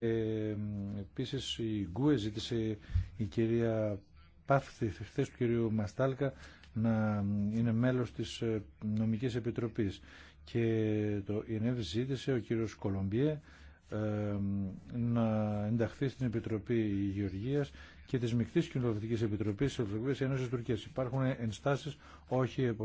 Ε, επίσης η Γκουε ζήτησε η κυρία Πάφθη χθε του κυρίου Μαστάλκα να είναι μέλος της ε, νομικής επιτροπής και το ΙΝΕΒ ζήτησε ο κύριος Κολομπιέ να ενταχθεί στην Επιτροπή Γεωργίας και της Μικτής Κοινοβουλευτικής Επιτροπής της Ευρωπαϊκής Ένωσης Τουρκίας. Υπάρχουν ενστάσεις, όχι